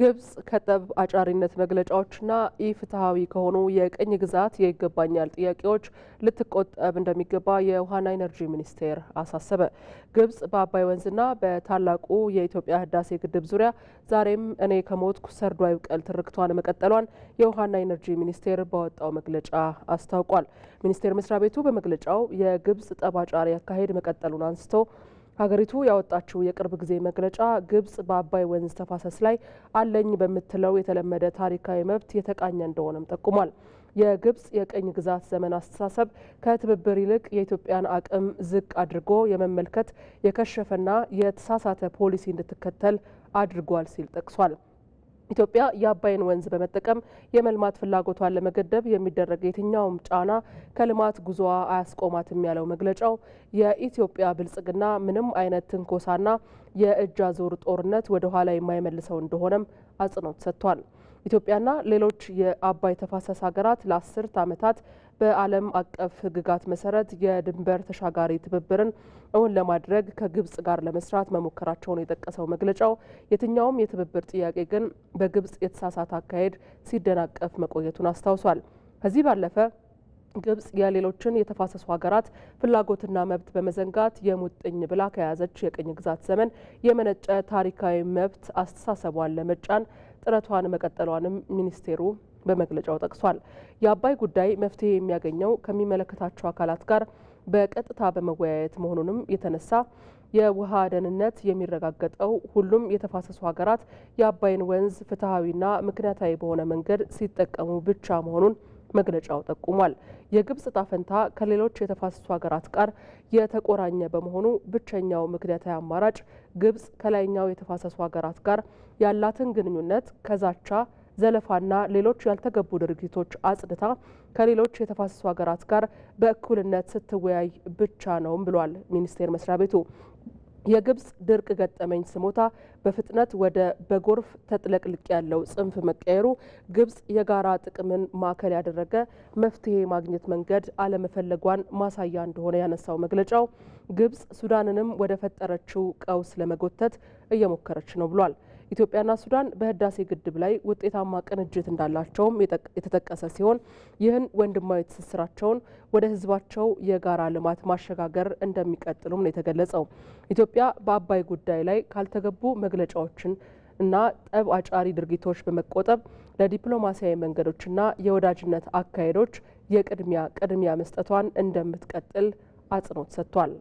ግብጽ ከጠብ አጫሪነት መግለጫዎችና ኢፍትሐዊ ከሆኑ የቅኝ ግዛት የይገባኛል ጥያቄዎች ልትቆጠብ እንደሚገባ የውሃና ኢነርጂ ሚኒስቴር አሳሰበ። ግብጽ በአባይ ወንዝና በታላቁ የኢትዮጵያ ህዳሴ ግድብ ዙሪያ ዛሬም እኔ ከሞትኩ ሰርዶ አይብቀል ትርክቷን መቀጠሏን የውሃና ኢነርጂ ሚኒስቴር በወጣው መግለጫ አስታውቋል። ሚኒስቴር መስሪያ ቤቱ በመግለጫው የግብጽ ጠብ አጫሪ አካሄድ መቀጠሉን አንስቶ ሀገሪቱ ያወጣችው የቅርብ ጊዜ መግለጫ ግብጽ በአባይ ወንዝ ተፋሰስ ላይ አለኝ በምትለው የተለመደ ታሪካዊ መብት የተቃኘ እንደሆነም ጠቁሟል። የግብጽ የቅኝ ግዛት ዘመን አስተሳሰብ ከትብብር ይልቅ የኢትዮጵያን አቅም ዝቅ አድርጎ የመመልከት የከሸፈና የተሳሳተ ፖሊሲ እንድትከተል አድርጓል ሲል ጠቅሷል። ኢትዮጵያ የአባይን ወንዝ በመጠቀም የመልማት ፍላጎቷን ለመገደብ የሚደረግ የትኛውም ጫና ከልማት ጉዞዋ አያስቆማትም ያለው መግለጫው የኢትዮጵያ ብልጽግና ምንም አይነት ትንኮሳና የእጅ አዙር ጦርነት ወደ ኋላ የማይመልሰው እንደሆነም አጽንኦት ሰጥቷል። ኢትዮጵያና ሌሎች የአባይ ተፋሰስ ሀገራት ለአስርት ዓመታት በዓለም አቀፍ ሕግጋት መሰረት የድንበር ተሻጋሪ ትብብርን እውን ለማድረግ ከግብጽ ጋር ለመስራት መሞከራቸውን የጠቀሰው መግለጫው የትኛውም የትብብር ጥያቄ ግን በግብጽ የተሳሳተ አካሄድ ሲደናቀፍ መቆየቱን አስታውሷል። ከዚህ ባለፈ ግብጽ የሌሎችን የተፋሰሱ ሀገራት ፍላጎትና መብት በመዘንጋት የሙጥኝ ብላ ከያዘች የቅኝ ግዛት ዘመን የመነጨ ታሪካዊ መብት አስተሳሰቧን ለመጫን ጥረቷን መቀጠሏንም ሚኒስቴሩ በመግለጫው ጠቅሷል። የአባይ ጉዳይ መፍትሄ የሚያገኘው ከሚመለከታቸው አካላት ጋር በቀጥታ በመወያየት መሆኑንም የተነሳ የውሃ ደህንነት የሚረጋገጠው ሁሉም የተፋሰሱ ሀገራት የአባይን ወንዝ ፍትሐዊና ምክንያታዊ በሆነ መንገድ ሲጠቀሙ ብቻ መሆኑን መግለጫው ጠቁሟል። የግብጽ ዕጣ ፈንታ ከሌሎች የተፋሰሱ ሀገራት ጋር የተቆራኘ በመሆኑ ብቸኛው ምክንያታዊ አማራጭ ግብጽ ከላይኛው የተፋሰሱ ሀገራት ጋር ያላትን ግንኙነት ከዛቻ ዘለፋና ሌሎች ያልተገቡ ድርጊቶች አጽድታ ከሌሎች የተፋሰሱ ሀገራት ጋር በእኩልነት ስትወያይ ብቻ ነውም ብሏል ሚኒስቴር መስሪያ ቤቱ። የግብጽ ድርቅ ገጠመኝ ስሞታ በፍጥነት ወደ በጎርፍ ተጥለቅልቅ ያለው ጽንፍ መቀየሩ ግብፅ የጋራ ጥቅምን ማዕከል ያደረገ መፍትሄ ማግኘት መንገድ አለመፈለጓን ማሳያ እንደሆነ ያነሳው መግለጫው ግብጽ ሱዳንንም ወደ ፈጠረችው ቀውስ ለመጎተት እየሞከረች ነው ብሏል። ኢትዮጵያና ሱዳን በህዳሴ ግድብ ላይ ውጤታማ ቅንጅት እንዳላቸውም የተጠቀሰ ሲሆን ይህን ወንድማዊ ትስስራቸውን ወደ ህዝባቸው የጋራ ልማት ማሸጋገር እንደሚቀጥሉም ነው የተገለጸው። ኢትዮጵያ በአባይ ጉዳይ ላይ ካልተገቡ መግለጫዎችን እና ጠብ አጫሪ ድርጊቶች በመቆጠብ ለዲፕሎማሲያዊ መንገዶችና የወዳጅነት አካሄዶች የቅድሚያ ቅድሚያ መስጠቷን እንደምትቀጥል አጽንኦት ሰጥቷል።